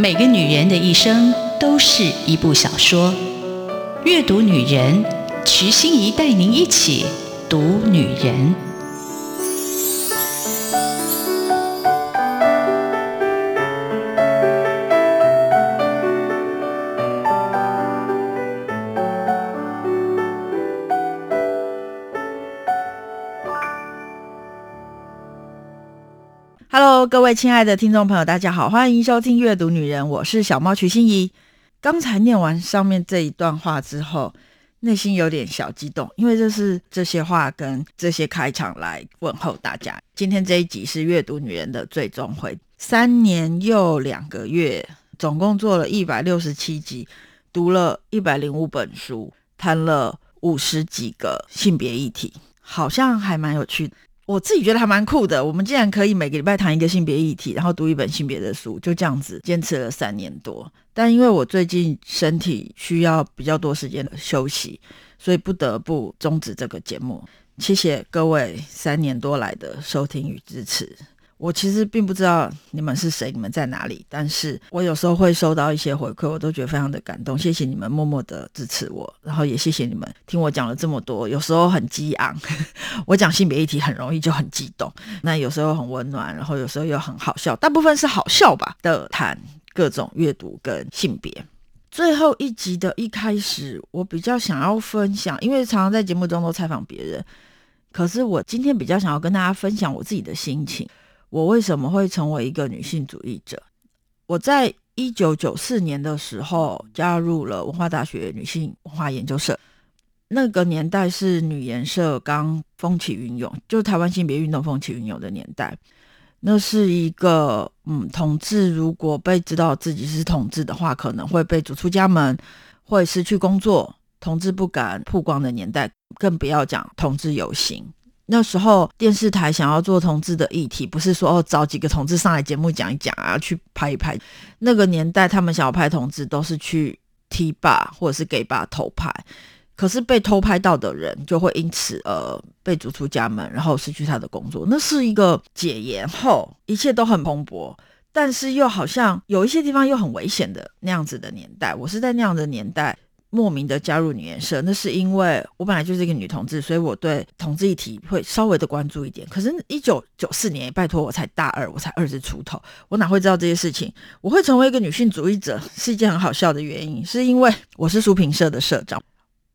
每個女人的一生都是一部小說。閱讀女人，瞿欣怡帶您一起讀女人。各位親愛的聽眾朋友，大家好，歡迎收聽《閱讀女人》，我是小貓瞿欣怡。剛才念完上面這一段話之後，內心有點小激動，因為這是這些話跟這些開場來問候大家。今天這一集是《閱讀女人》的最終回，三年又兩個月，總共做了一百六十七集，讀了一百零五本書，談了五十幾個性別議題，好像還蠻有趣的。我自己覺得還蠻酷的，我們竟然可以每個禮拜談一個性別議題，然後讀一本性別的書，就這樣子堅持了三年多。但因為我最近身體需要比較多時間的休息，所以不得不終止這個節目。謝謝各位三年多來的收聽與支持。我其實並不知道你們是誰，你們在哪裡，但是我有時候會收到一些回饋，我都覺得非常的感動，謝謝你們默默的支持我，然後也謝謝你們聽我講了這麼多，有時候很激昂， 我講性別議題很容易就很激動，那有時候很溫暖，然後有時候又很好笑，大部分是好笑吧的談各種閱讀跟性別。最後一集的一開始，我比較想要分享，因為常常在節目中都採訪別人，可是我今天比較想要跟大家分享我自己的心情。我為什麼會成為一個女性主義者？我在一九九四年的時候加入了文化大學女性文化研究社。那個年代是女研社剛風起雲湧，就台灣性別運動風起雲湧的年代。那是一個，嗯，同志如果被知道自己是同志的話，可能會被逐出家門，會失去工作。同志不敢曝光的年代，更不要講同志遊行。那時候電視臺想要做同志的議題，不是說哦，找幾個同志上來節目講一講啊，去拍一拍。那個年代他們想要拍同志，都是去 T bar 或者是 gay bar 偷拍，可是被偷拍到的人就會因此呃被逐出家門，然後失去他的工作。那是一個解嚴後一切都很蓬勃，但是又好像有一些地方又很危險的那樣子的年代。我是在那樣的年代，莫名的加入女研社，那是因為我本來就是一個女同志，所以我對同志議題會稍微的關注一點。可是，一九九四年，拜託我才大二，我才二十出頭，我哪會知道這些事情？我會成為一個女性主義者，是一件很好笑的原因，是因為我是書評社的社長，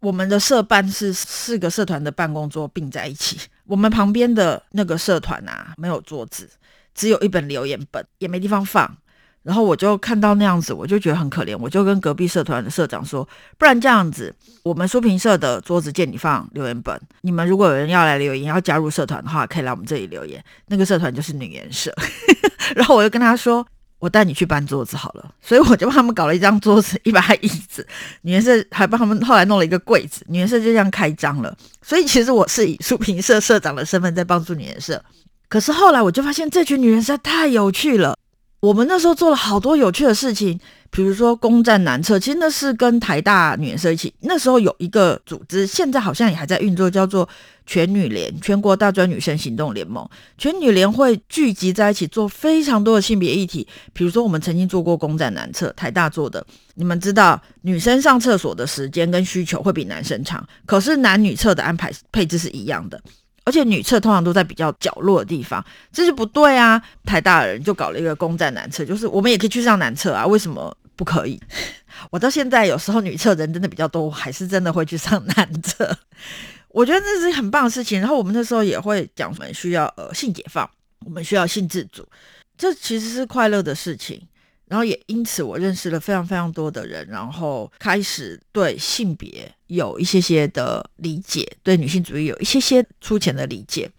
我們的社辦是四個社團的辦公桌並在一起，我們旁邊的那個社團啊，沒有桌子，只有一本留言本，也沒地方放。然後我就看到那樣子，我就覺得很可憐，我就跟隔壁社團的社長說，不然這樣子，我們書評社的桌子借你放留言本。你們如果有人要來留言，要加入社團的話，可以來我們這裡留言。那個社團就是女研社。 然後我就跟他說，我帶你去搬桌子好了。所以我就幫他們搞了一張桌子，一把椅子。女研社還幫他們後來弄了一個櫃子。女研社就這樣開張了。所以其實我是以書評社社長的身份在幫助女研社。可是後來我就發現，這群女人實在太有趣了。我們那時候做了好多有趣的事情，比如說攻占男廁，其實那是跟台大女生一起。那時候有一個組織，現在好像也還在運作，叫做全女聯，全國大專女生行動聯盟。全女聯會聚集在一起做非常多的性別議題，比如說我們曾經做過攻占男廁，台大做的。你們知道女生上廁所的時間跟需求會比男生長，可是男女廁的安排配置是一樣的。而且女廁通常都在比較角落的地方，這是不對啊！台大的人就搞了一個攻佔男廁，就是我們也可以去上男廁啊，為什麼不可以？我到現在有時候女廁人真的比較多，還是真的會去上男廁，我覺得那是很棒的事情。然後我們那時候也會講，我們需要呃性解放，我們需要性自主，這其實是快樂的事情。然後也因此，我認識了非常非常多的人，然後開始對性別有一些些的理解，對女性主義有一些些粗淺的理解。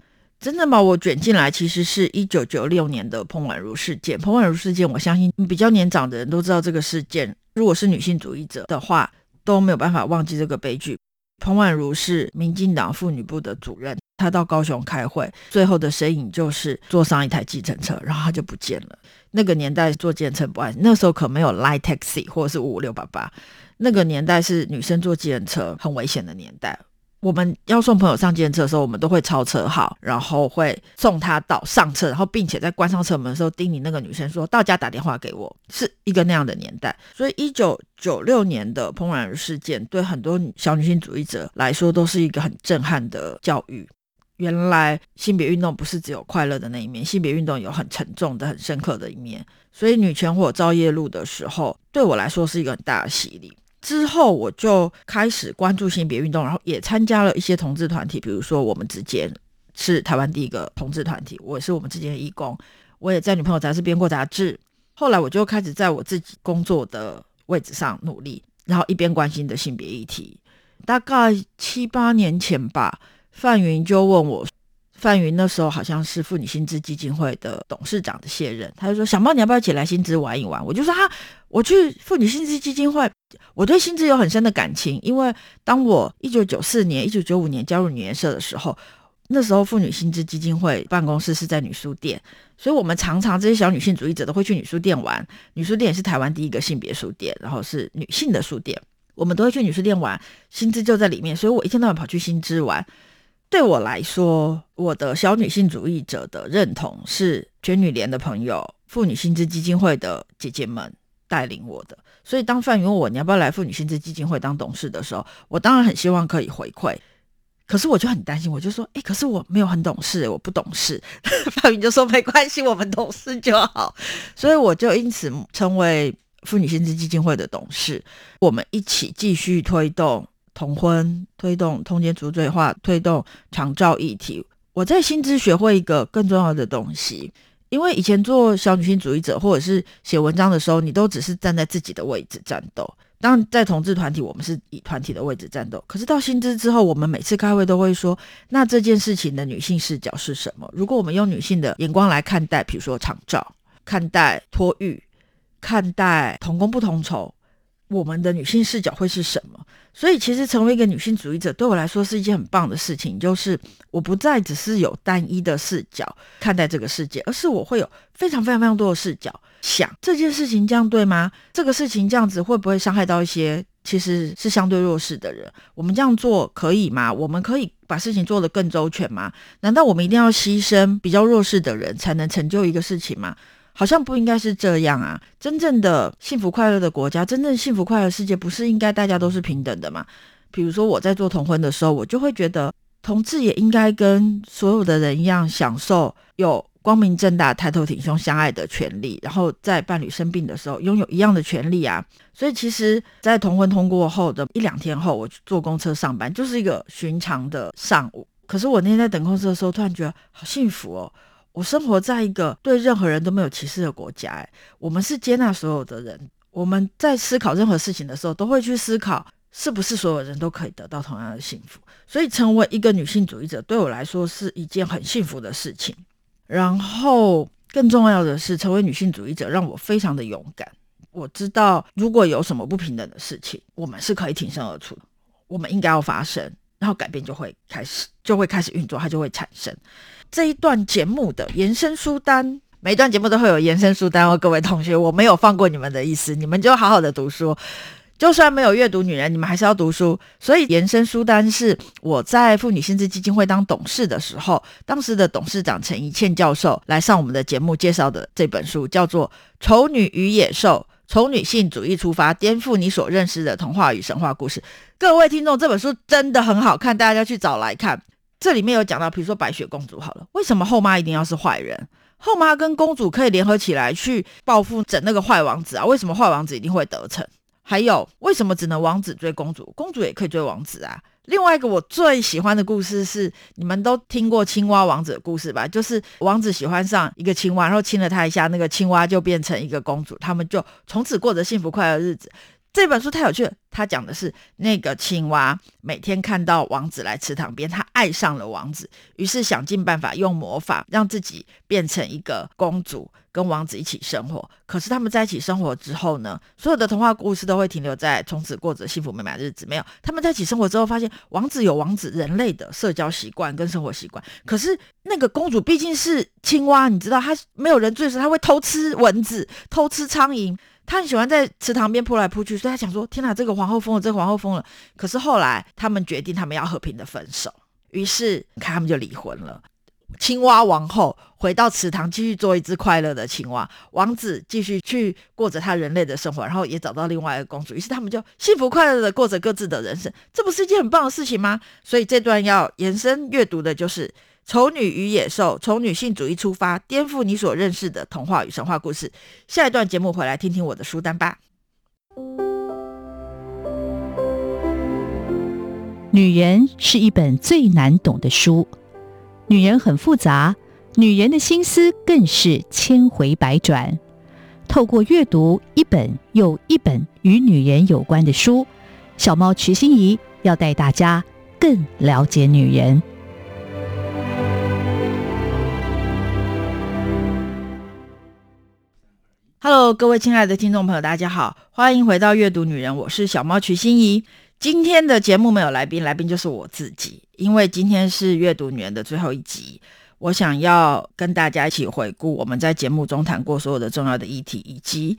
真的把我捲進來，其實是一九九六年的彭婉如事件。彭婉如事件，我相信比較年長的人都知道這個事件。如果是女性主義者的話，都沒有辦法忘記這個悲劇。彭婉如是民進黨婦女部的主任。他到高雄開會，最後的身影就是坐上一台計程車，然後他就不見了。那個年代坐計程車不安全，那時候可沒有 Line Taxi 或者是五五六八八。那個年代是女生坐計程車很危險的年代。我們要送朋友上計程車的時候，我們都會抄車號，然後會送他到上車，然後並且在關上車門的時候叮嚀那個女生說到家打電話給我，是一個那樣的年代。所以一九九六年的彭婉如事件，對很多小女性主義者來說，都是一個很震撼的教育。原來性別運動不是只有快樂的那一面，性別運動有很沉重的、很深刻的一面。所以女權火照夜路的時候，對我來說是一個很大的洗禮。之後我就開始關注性別運動，然後也參加了一些同志團體，比如說我們之間是台灣第一個同志團體，我也是我們之間的義工，我也在女朋友雜誌編過雜誌。後來我就開始在我自己工作的位置上努力，然後一邊關心的性別議題，大概七八年前吧。范雲就問我，范雲那時候好像是婦女新知基金會的董事長的卸任，她就說：“小貓，你要不要一起來新知玩一玩？”我就說：“哈、啊，我去婦女新知基金會，我對新知有很深的感情，因為當我一九九四年、一九九五年加入女研社的時候，那時候婦女新知基金會辦公室是在女書店，所以我們常常這些小女性主義者都會去女書店玩。女書店也是台灣第一個性別書店，然後是女性的書店，我們都會去女書店玩，新知就在裡面，所以我一天到晚跑去新知玩。”對我來說，我的小女性主義者的認同是全女聯的朋友、婦女新知基金會的姐姐們帶領我的。所以，當范雲問我你要不要來婦女新知基金會當董事的時候，我當然很希望可以回饋。可是，我就很擔心，我就說：“哎、欸，可是我沒有很懂事，我不懂事。”范雲就說：“沒關係，我們懂事就好。”所以，我就因此成為婦女新知基金會的董事，我們一起繼續推動。同婚，推動通姦除罪化，推動長照議題。我在新知學會一個更重要的東西，因為以前做小女性主義者或者是寫文章的時候，你都只是站在自己的位置戰鬥。當然在同志團體，我們是以團體的位置戰鬥。可是到新知之後，我們每次開會都會說，那這件事情的女性視角是什麼？如果我們用女性的眼光來看待，比如說長照、看待托育、看待同工不同酬。我們的女性視角會是什麼？所以其實成為一個女性主義者對我來說是一件很棒的事情，就是我不再只是有單一的視角看待這個世界，而是我會有非常非常非常多的視角，想這件事情這樣對嗎？這個事情這樣子會不會傷害到一些其實是相對弱勢的人？我們這樣做可以嗎？我們可以把事情做得更周全嗎？難道我們一定要犧牲比較弱勢的人才能成就一個事情嗎？好像不應該是這樣啊！真正的幸福快樂的國家，真正幸福快樂世界，不是應該大家都是平等的嘛？比如說我在做同婚的時候，我就會覺得同志也應該跟所有的人一樣，享受有光明正大、抬頭挺胸相愛的權利，然後在伴侶生病的時候擁有一樣的權利啊！所以其實，在同婚通過後的一兩天後，我坐公車上班就是一個尋常的上午。可是我那天在等公車的時候，突然覺得好幸福哦！我生活在一個對任何人都沒有歧視的國家，哎，我們是接納所有的人。我們在思考任何事情的時候，都會去思考是不是所有人都可以得到同樣的幸福。所以，成為一個女性主義者對我來說是一件很幸福的事情。然後，更重要的是，成為女性主義者讓我非常的勇敢。我知道，如果有什麼不平等的事情，我們是可以挺身而出的，我們應該要發聲。然後改變就會開始，就會開始運作，它就會產生這一段節目的延伸書單。每一段節目都會有延伸書單哦，各位同學，我沒有放過你們的意思，你們就好好的讀書，就算沒有閱讀《女人》，你們還是要讀書。所以延伸書單是我在婦女新知基金會當董事的時候，當時的董事長陳宜倩教授來上我們的節目介紹的這本書，叫做《醜女與野獸》。從女性主義出發，顛覆你所認識的童話與神話故事。各位聽眾，這本書真的很好看，大家去找來看。這裡面有講到，比如說白雪公主，好了，為什麼後媽一定要是壞人？後媽跟公主可以聯合起來去報復整那個壞王子啊？為什麼壞王子一定會得逞？還有，為什麼只能王子追公主？公主也可以追王子啊？另外一個我最喜歡的故事是，你們都聽過青蛙王子的故事吧？就是王子喜歡上一個青蛙，然後親了她一下，那個青蛙就變成一個公主，他們就從此過着幸福快樂的日子。。這本書太有趣了，他講的是那個青蛙每天看到王子來池塘邊，他愛上了王子，於是想盡辦法用魔法讓自己變成一個公主，跟王子一起生活。可是他們在一起生活之後呢，所有的童話故事都會停留在從此過着幸福美滿的日子。沒有，他們在一起生活之後，發現王子有王子人類的社交習慣跟生活習慣，可是那個公主畢竟是青蛙，你知道，她沒有人追的時候，她會偷吃蚊子，偷吃蒼蠅。.他很喜歡在池塘邊撲來撲去，所以他想說：“天哪，這個皇后瘋了，這個皇后瘋了。”可是後來他們決定，他們要和平的分手。於是，你看他們就離婚了。青蛙王后回到池塘，繼續做一隻快樂的青蛙；王子繼續去過着他人類的生活，然後也找到另外一個公主。於是，他們就幸福快樂的過着各自的人生。這不是一件很棒的事情嗎？所以，這段要延伸閱讀的就是。醜女與野獸，從女性主義出發，顛覆你所認識的童話與神話故事。下一段節目回來，聽聽我的書單吧。女人是一本最難懂的書，女人很複雜，女人的心思更是千回百轉。透過閱讀一本又一本與女人有關的書，小貓瞿欣怡要帶大家更了解女人。Hello，各位親愛的聽眾朋友，大家好，歡迎回到閱讀女人，我是小貓瞿欣怡。今天的節目沒有來賓，來賓就是我自己，因為今天是閱讀女人的最後一集，我想要跟大家一起回顧我們在節目中談過所有的重要的議題，以及。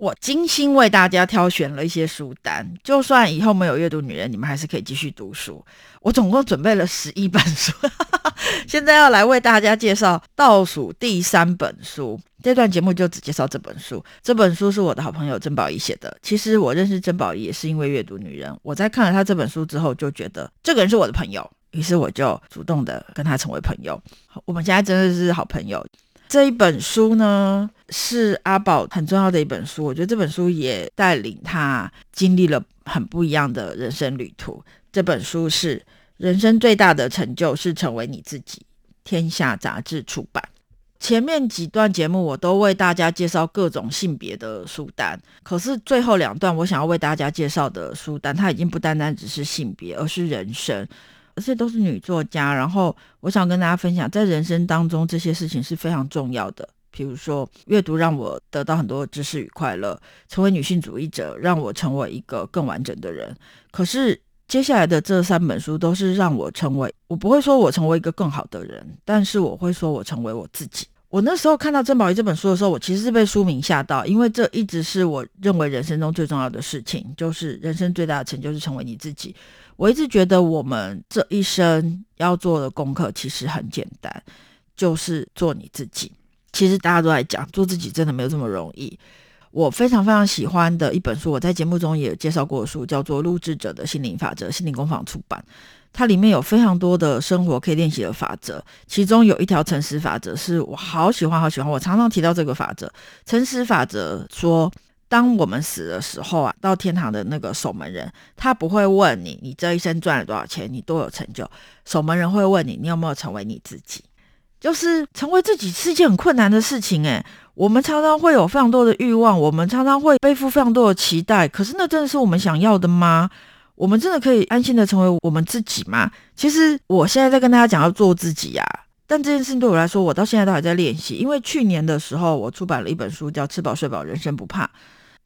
我精心為大家挑選了一些書單，就算以後沒有閱讀女人，你們還是可以繼續讀書。我總共準備了十一本書， 現在要來為大家介紹倒數第三本書。這段節目就只介紹這本書。這本書是我的好朋友曾寶儀寫的。其實我認識曾寶儀也是因為閱讀女人。我在看了他這本書之後，就覺得這個人是我的朋友，於是我就主動的跟他成為朋友。我們現在真的是好朋友。這一本書呢，是阿寶很重要的一本書。我覺得這本書也帶領他經歷了很不一樣的人生旅途。這本書是《人生最大的成就是成為你自己》，天下雜誌出版。前面幾段節目我都為大家介紹各種性別的書單，可是最後兩段我想要為大家介紹的書單，它已經不單單只是性別，而是人生。這些都是女作家，然後我想跟大家分享，在人生當中，這些事情是非常重要的。比如說，閱讀讓我得到很多知識與快樂，成為女性主義者讓我成為一個更完整的人。可是接下來的這三本書都是讓我成為，我不會說我成為一個更好的人，但是我會說我成為我自己。我那時候看到曾寶儀這本書的時候，我其實是被書名嚇到，因為這一直是我認為人生中最重要的事情，就是人生最大的成就，是成為你自己。我一直覺得我們這一生要做的功課其實很簡單，就是做你自己。其實大家都在講，做自己真的沒有這麼容易。我非常非常喜歡的一本書，我在節目中也介紹過書，叫做《錄製者的心靈法則》，心靈工坊出版。它裡面有非常多的生活可以練習的法則，其中有一條誠實法則，是我好喜歡、好喜歡。我常常提到這個法則。誠實法則說，當我們死的時候啊，到天堂的那個守門人，他不會問你你這一生賺了多少錢，你多有成就，守門人會問你你有沒有成為你自己。就是成為自己是一件很困難的事情，哎，我們常常會有非常多的慾望，我們常常會背負非常多的期待，可是那真的是我們想要的嗎？我們真的可以安心的成為我們自己嗎？其實我現在在跟大家講要做自己呀、啊，但這件事情對我來說，我到現在都還在練習，因為去年的時候我出版了一本書叫《吃飽睡飽，人生不怕》。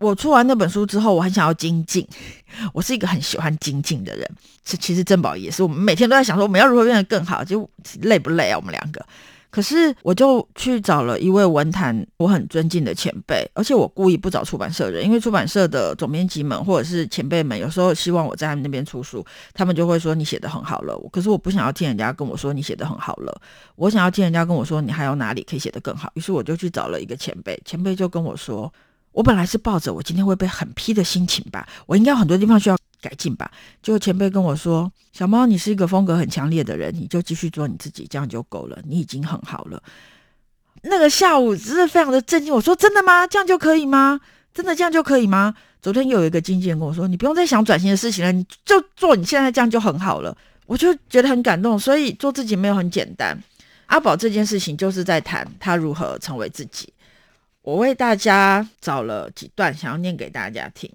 我出完那本書之後，我很想要精進。 我是一個很喜歡精進的人，其實曾寶也是。我們每天都在想說，我們要如何變得更好，就累不累啊？我們兩個。可是我就去找了一位文壇我很尊敬的前輩，而且我故意不找出版社的人，因為出版社的總編輯們或者是前輩們，有時候希望我在他們那邊出書，他們就會說你寫得很好了。可是我不想要聽人家跟我說你寫得很好了，我想要聽人家跟我說你還有哪裡可以寫得更好。於是我就去找了一個前輩，前輩就跟我說。我本來是抱着我今天會被狠批的心情吧，我應該有很多地方需要改進吧。結果前輩跟我說：“小貓，你是一個風格很強烈的人，你就繼續做你自己，這樣就夠了，你已經很好了。”那個下午真的非常的震驚，我說：“真的嗎？這樣就可以嗎？真的這樣就可以嗎？”昨天又有一個經紀人跟我說：“你不用再想轉型的事情了，你就做你現在這樣就很好了。”我就覺得很感動，所以做自己沒有很簡單。阿寶這件事情就是在談他如何成為自己。我為大家找了幾段想要念給大家聽。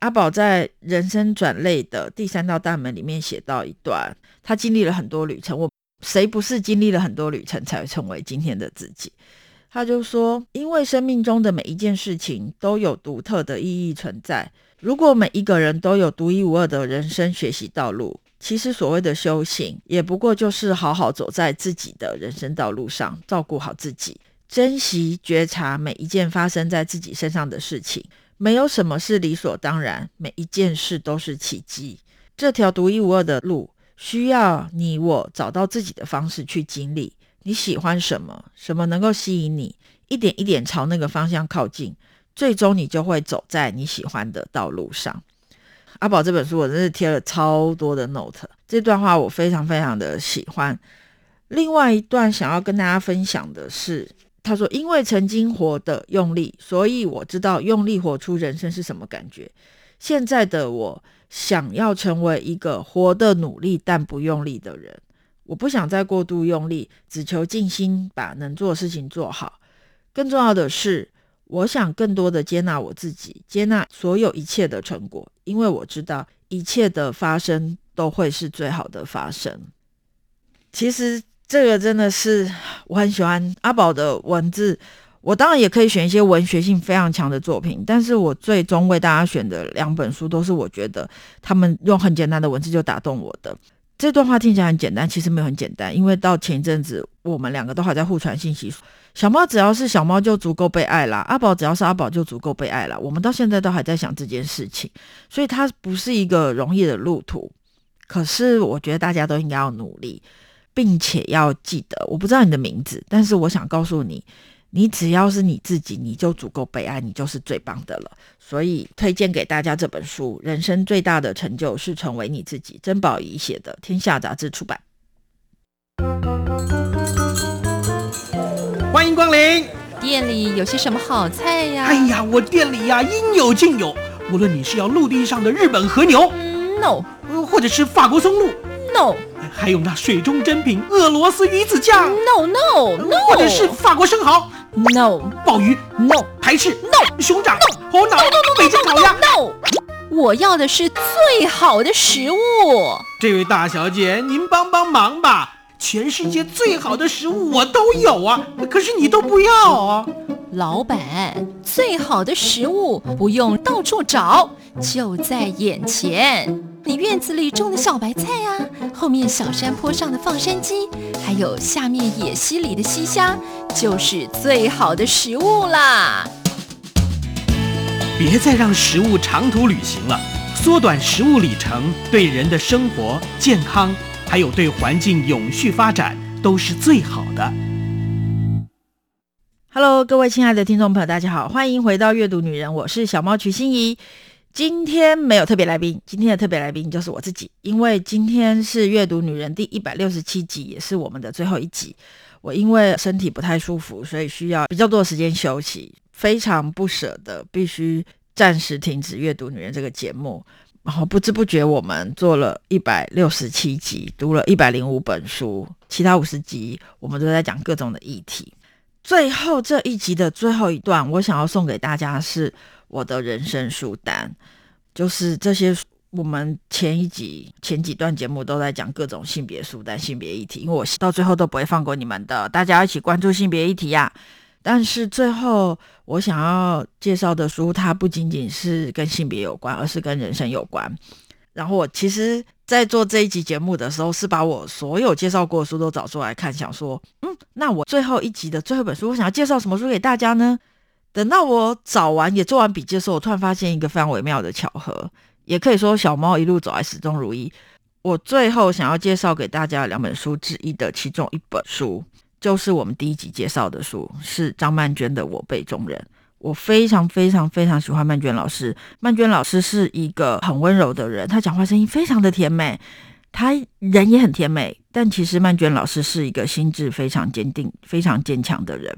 阿寶在《人生轉捩的第三道大門》裡面寫到一段，他經歷了很多旅程。我誰不是經歷了很多旅程才成為今天的自己？他就說，因為生命中的每一件事情都有獨特的意義存在。如果每一個人都有獨一無二的人生學習道路，其實所謂的修行，也不過就是好好走在自己的人生道路上，照顧好自己。珍惜覺察每一件發生在自己身上的事情，沒有什麼是理所當然，每一件事都是奇蹟。這條獨一無二的路，需要你我找到自己的方式去經歷。你喜歡什麼？什麼能夠吸引你？一點一點朝那個方向靠近，最終你就會走在你喜歡的道路上。阿寶這本書，我真是貼了超多的 note。這段話我非常非常的喜歡。另外一段想要跟大家分享的是。他說：“因為曾經活得用力，所以我知道用力活出人生是什麼感覺。現在的我想要成為一個活得努力但不用力的人，我不想再過度用力，只求盡心把能做的事情做好。更重要的是，我想更多的接納我自己，接納所有一切的成果，因為我知道一切的發生都會是最好的發生。其實。”這個真的是我很喜歡阿寶的文字，我當然也可以選一些文學性非常強的作品，但是我最終為大家選的兩本書都是我覺得他們用很簡單的文字就打動我的。這段話聽起來很簡單，其實沒有很簡單，因為到前一陣子我們兩個都還在互傳信息。小貓只要是小貓就足夠被愛了，阿寶只要是阿寶就足夠被愛了。我們到現在都還在想這件事情，所以它不是一個容易的路途，可是我覺得大家都應該要努力。並且要記得，我不知道你的名字，但是我想告訴你，你只要是你自己，你就足夠被愛，你就是最棒的了。所以推薦給大家這本書，《人生最大的成就是成為你自己》，曾寶儀寫的，天下雜誌出版。歡迎光臨，店裡有些什麼好菜呀、啊？哎呀，我店裡呀、啊，應有盡有。無論你是要陸地上的日本和牛、嗯、，No，或者是法國松露，No，還有那水中珍品俄羅斯魚子醬，No No No，或者是法國生蠔，No，鮑魚，No，排翅，No，熊掌，No，猴腦，No No No，北京烤鴨，No，no，no，no，no，我要的是最好的食物。這位大小姐，您幫幫忙吧，全世界最好的食物我都有啊，可是你都不要啊。老闆，最好的食物不用到處找。就在眼前，你院子裡種的小白菜呀、啊，後面小山坡上的放山雞，還有下面野溪裡的溪蝦，就是最好的食物啦。別再讓食物長途旅行了，縮短食物里程，對人的生活健康，還有對環境永續發展，都是最好的。Hello，各位親愛的聽眾朋友，大家好，歡迎回到閱讀女人，我是小貓瞿欣怡。今天沒有特別來賓，今天的特別來賓就是我自己，因為今天是閱讀女人第一百六十七集，也是我們的最後一集。我因為身體不太舒服，所以需要比較多的時間休息，非常不舍得，必須暫時停止閱讀女人這個節目。然後不知不覺，我們做了一百六十七集，讀了一百零五本書，其他五十集我們都在講各種的議題。最後這一集的最後一段，我想要送給大家的是。我的人生書單就是這些。我們前一集、前幾段節目都在講各種性別書單、性別議題，因為我到最後都不會放過你們的，大家一起關注性別議題呀、啊。但是最後我想要介紹的書，它不僅僅是跟性別有關，而是跟人生有關。然後我其實，在做這一集節目的時候，是把我所有介紹過的書都找出來看，想說，嗯，那我最後一集的最後一本書，我想要介紹什麼書給大家呢？等到我找完也做完筆記的時候，我突然發現一個非常微妙的巧合，也可以說小貓一路走來始終如一。我最後想要介紹給大家兩本書之一的其中一本書，就是我們第一集介紹的書，是張曼娟的《我輩中人》。我非常非常非常喜歡曼娟老師，曼娟老師是一個很溫柔的人，她講話聲音非常的甜美，她人也很甜美，但其實曼娟老師是一個心智非常堅定、非常堅強的人。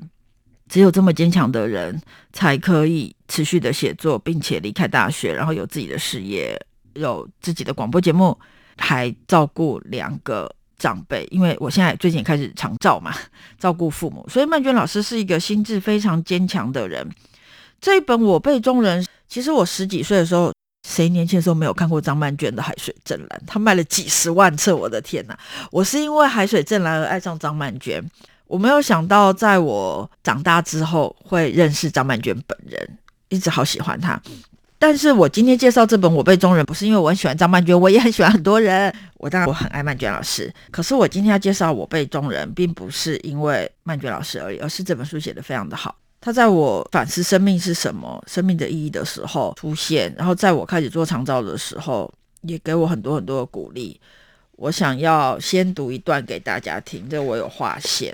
只有這麼堅強的人，才可以持續的寫作，並且離開大學，然後有自己的事業，有自己的廣播節目，還照顧兩個長輩。因為我現在最近開始長照嘛，照顧父母。所以曼娟老師是一個心智非常堅強的人。這一本《我輩中人》，其實我十幾歲的時候，誰年輕的時候沒有看過張曼娟的《海水正藍》？他賣了幾十萬冊，我的天哪！我是因為《海水正藍》而愛上張曼娟。我沒有想到，在我長大之後會認識張曼娟本人，一直好喜歡她。但是我今天介紹這本《我輩中人》，不是因為我很喜歡張曼娟，我也很喜歡很多人。我當然我很愛曼娟老師，可是我今天要介紹《我輩中人》，並不是因為曼娟老師而已，而是這本書寫得非常的好。他在我反思生命是什麼、生命的意義的時候出現，然後在我開始做長照的時候，也給我很多很多的鼓勵。我想要先讀一段給大家聽，這我有劃線。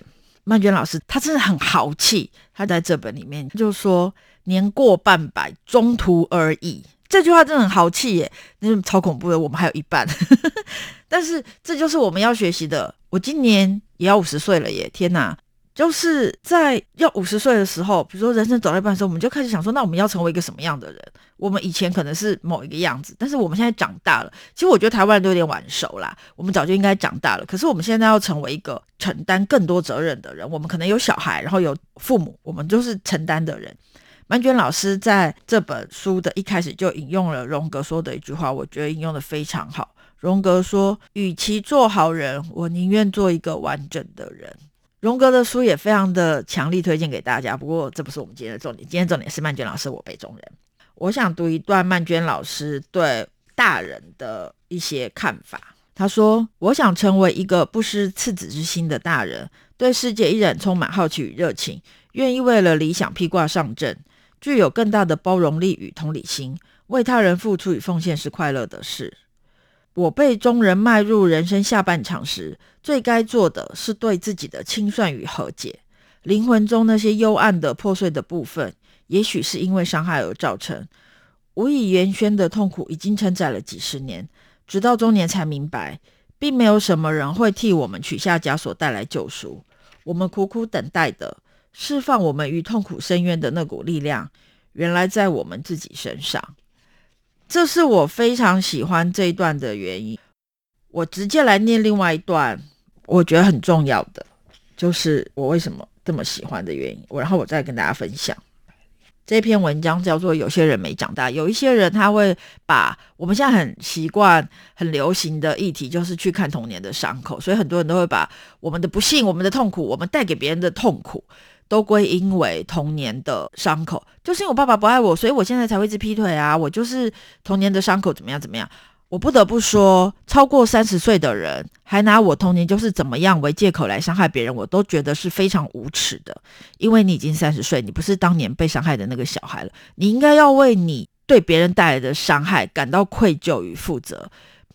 曼娟老師，他真的很豪氣，他在這本裡面就說：“年過半百，中途而已。”這句話真的很豪氣耶，那就超恐怖的。我們還有一半， 但是這就是我們要學習的。我今年也要五十歲了耶！天吶！就是在要五十歲的時候，比如說人生走到一半的時候，我們就開始想說，那我們要成為一個什麼樣的人？我們以前可能是某一個樣子，但是我們現在長大了，其實我覺得台灣人都有點晚熟啦，我們早就應該長大了。可是我們現在要成為一個承擔更多責任的人，我們可能有小孩，然後有父母，我們就是承擔的人。曼娟老師在這本書的一開始就引用了榮格說的一句話，我覺得引用的非常好。榮格說：“與其做好人，我寧願做一個完整的人。”榮格的書也非常的強力推薦給大家，不過這不是我們今天的重點，今天的重點是曼娟老師我輩中人。我想讀一段曼娟老師對大人的一些看法，她說：“我想成為一個不失赤子之心的大人，對世界依然充滿好奇與熱情，願意為了理想披掛上陣，具有更大的包容力與同理心，為他人付出與奉獻是快樂的事。”我輩中人邁入人生下半場時，最該做的是對自己的清算與和解。靈魂中那些幽暗的破碎的部分，也許是因為傷害而造成。無以言宣的痛苦已經承載了幾十年，直到中年才明白，並沒有什麼人會替我們取下枷鎖，帶來救贖。我們苦苦等待的釋放我們與痛苦深淵的那股力量，原來在我們自己身上。這是我非常喜歡這一段的原因。我直接來念另外一段，我覺得很重要的，就是我為什麼這麼喜歡的原因。我然後我再跟大家分享，這篇文章叫做《有些人沒長大》。有一些人他會把我們現在很習慣、很流行的議題，就是去看童年的傷口，所以很多人都會把我們的不幸、我們的痛苦、我們帶給別人的痛苦。都歸因為童年的傷口，就是因為我爸爸不愛我，所以我現在才會一直劈腿啊！我就是童年的傷口怎麼樣怎麼樣，我不得不說，超過三十歲的人還拿我童年就是怎麼樣為借口來傷害別人，我都覺得是非常無恥的。因為你已經三十歲，你不是當年被傷害的那個小孩了，你應該要為你對別人帶來的傷害感到愧疚與負責。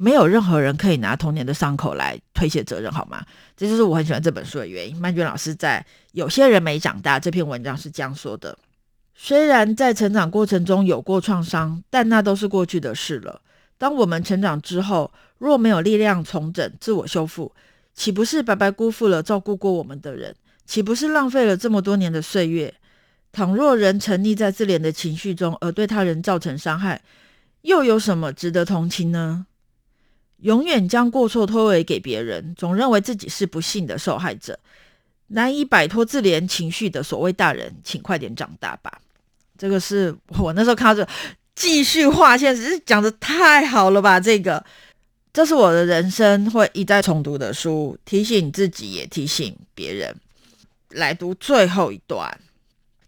沒有任何人可以拿童年的傷口來推卸責任，好嗎？這就是我很喜歡這本書的原因。曼娟老師在《有些人沒長大》這篇文章是這樣說的：雖然在成長過程中有過創傷，但那都是過去的事了。當我們成長之後，若沒有力量重整、自我修復，豈不是白白辜負了照顧過我們的人？豈不是浪費了這麼多年的歲月？倘若人沉溺在自憐的情緒中，而對他人造成傷害，又有什麼值得同情呢？永遠將過錯推諉給別人，總認為自己是不幸的受害者，難以擺脫自憐情緒的所謂大人，請快點長大吧。這個是我那時候看到，這個，繼續畫線，只是講得太好了吧？這個，這是我的人生會一再重讀的書，提醒自己也提醒別人。來讀最後一段，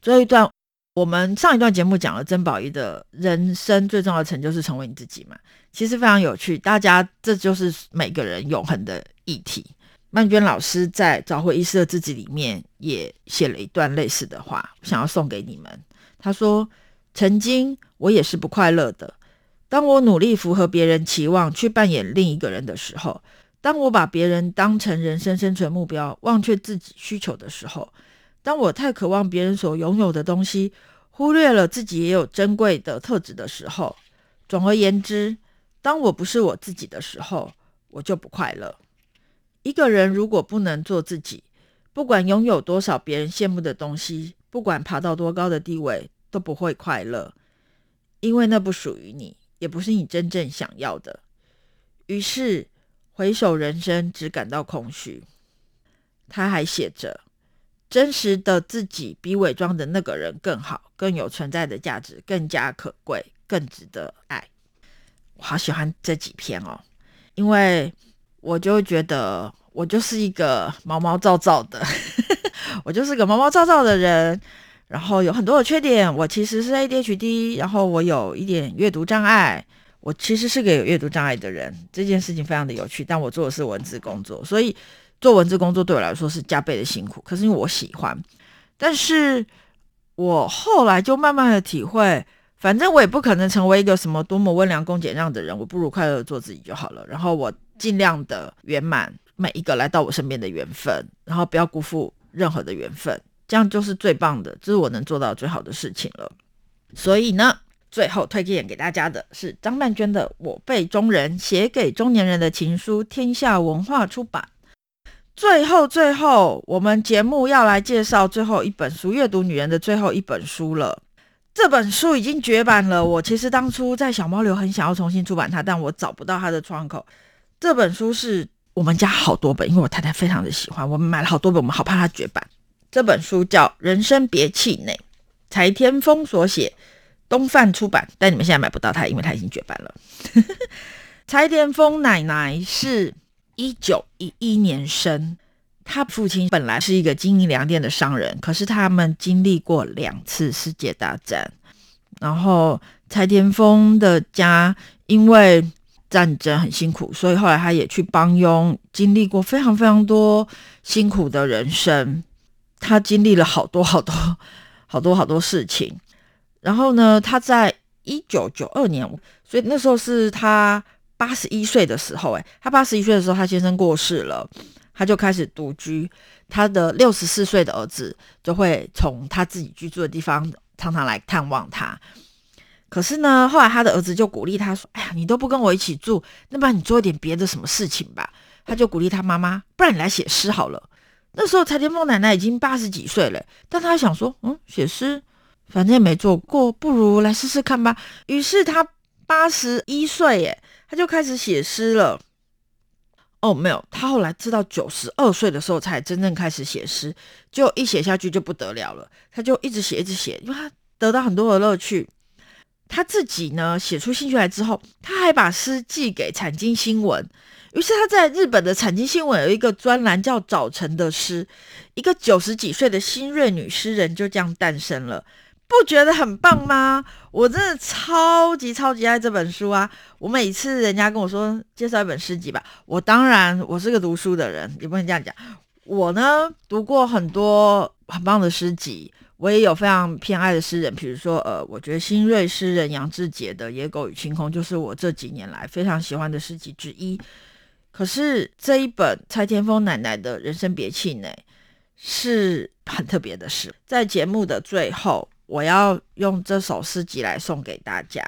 最後一段我們上一段節目講了，曾寶儀的人生最重要的成就是成為你自己嘛？其實非常有趣，大家這就是每個人永恆的議題。曼娟老師在《找回遺失的自己》裡面也寫了一段類似的話，我想要送給你們。她說：“曾經我也是不快樂的，當我努力符合別人期望，去扮演另一個人的時候；當我把別人當成人生生存目標，忘卻自己需求的時候；當我太渴望別人所擁有的東西，忽略了自己也有珍貴的特質的時候。總而言之。”當我不是我自己的時候，我就不快樂。一個人如果不能做自己，不管擁有多少別人羨慕的東西，不管爬到多高的地位，都不會快樂，因為那不屬於你，也不是你真正想要的。於是回首人生，只感到空虛。他還寫着：“真實的自己比偽裝的那個人更好，更有存在的價值，更加可貴，更值得愛。”我好喜歡這幾篇哦，因為我就覺得我就是一個毛毛躁躁的，呵呵，我就是個毛毛躁躁的人，然後有很多的缺點。我其實是 ADHD，然後我有一點閱讀障礙，我其實是個有閱讀障礙的人。這件事情非常的有趣，但我做的是文字工作，所以做文字工作對我來說是加倍的辛苦。可是因為我喜歡，但是我後來就慢慢的體會。反正我也不可能成為一個什麼多麼溫良恭儉讓的人，我不如快樂做自己就好了。然後我盡量的圓滿每一個來到我身邊的緣分，然後不要辜負任何的緣分，這樣就是最棒的，這是我能做到最好的事情了。所以呢，最後推薦給大家的是張曼娟的《我輩中人寫給中年人的情書》，天下文化出版。最後，最後，我們節目要來介紹最後一本書，閱讀女人的最後一本書了。這本書已經絕版了。我其實當初在小貓流很想要重新出版它，但我找不到它的窗口。這本書是我們家好多本，因為我太太非常的喜歡，我們買了好多本，我們好怕它絕版。這本書叫《人生別氣餒》，柴田豐所寫，東販出版，但你們現在買不到它，因為它已經絕版了。呵呵呵，柴田豐奶奶是一九一一年生。他父親本來是一個經營糧店的商人，可是他們經歷過兩次世界大戰，然後柴田豐的家因為戰爭很辛苦，所以後來他也去幫傭，經歷過非常非常多辛苦的人生。他經歷了好多好多好多好多事情。然後呢，他在一九九二年，所以那時候是他八十一歲的時候。哎，他八十一歲的時候，他先生過世了。他就開始獨居，他的六十四歲的兒子就會從他自己居住的地方常常來探望他。可是呢，後來他的兒子就鼓勵他說：“哎呀，你都不跟我一起住，那不然你做一點別的什麼事情吧。”他就鼓勵他媽媽：“不然你來寫詩好了。”那時候柴田豐奶奶已經八十幾歲了，但她想說：“嗯，寫詩反正也沒做過，不如來試試看吧。”於是他八十一歲，哎，他就開始寫詩了。哦，沒有，他後來直到九十二歲的時候才真正開始寫詩，就一寫下去就不得了了，他就一直寫一直寫，因為他得到很多的樂趣。他自己呢寫出興趣來之後，他還把詩寄給《產經新聞》，於是他在日本的《產經新聞》有一個專欄叫“早晨的詩”，一個九十幾歲的新銳女詩人就這樣誕生了。不覺得很棒嗎？我真的超級超級愛這本書啊！我每次人家跟我說，介紹一本詩集吧，我當然我是個讀書的人，也不能這樣講。我呢讀過很多很棒的詩集，我也有非常偏愛的詩人，比如說呃，我覺得新銳詩人楊智傑的《野狗與青空》就是我這幾年來非常喜歡的詩集之一。可是這一本柴田豐奶奶的《人生別氣餒》是很特別的事，在節目的最後。我要用這首詩集來送給大家，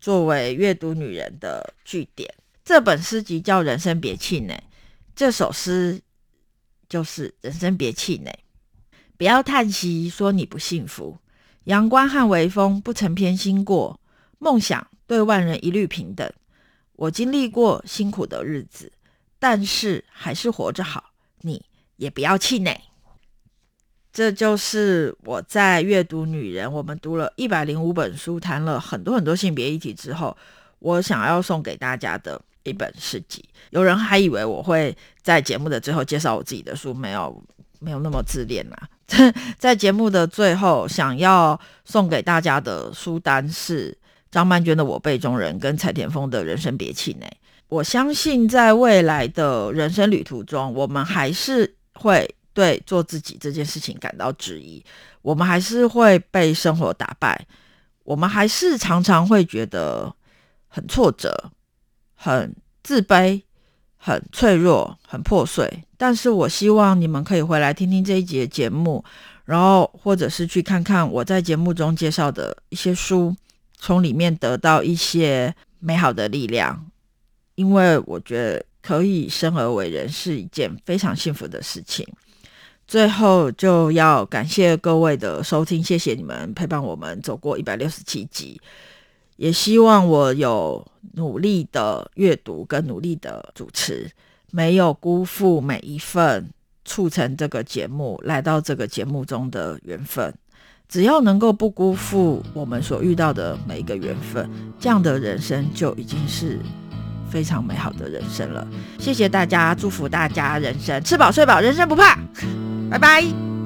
作為閱讀女人的句點。這本詩集叫《人生別氣餒》，這首詩就是《人生別氣餒》，不要嘆息說你不幸福，陽光和微風不曾偏心過，夢想對萬人一律平等。我經歷過辛苦的日子，但是還是活着好，你也不要氣餒。這就是我在閱讀《女人》，我們讀了一百零五本書，談了很多很多性別議題之後，我想要送給大家的一本詩集。有人還以為我會在節目的最後介紹我自己的書，沒有，沒有那麼自戀啦、啊、 在節目的最後，想要送給大家的書單是張曼娟的《我輩中人》跟柴田豐的《人生別氣餒》。我相信在未來的人生旅途中，我們還是會，對做自己這件事情感到質疑，我們還是會被生活打敗，我們還是常常會覺得很挫折、很自卑、很脆弱、很破碎。但是我希望你們可以回來聽聽這一集節目，然後或者是去看看我在節目中介紹的一些書，從裡面得到一些美好的力量，因為我覺得可以生而為人是一件非常幸福的事情。最後就要感謝各位的收聽，謝謝你們陪伴我們走過一百六十七集，也希望我有努力的閱讀跟努力的主持，沒有辜負每一份促成這個節目來到這個節目中的緣分。只要能夠不辜負我們所遇到的每一個緣分，這樣的人生就已經是非常美好的人生了。謝謝大家，祝福大家人生吃飽睡飽，人生不怕！拜拜。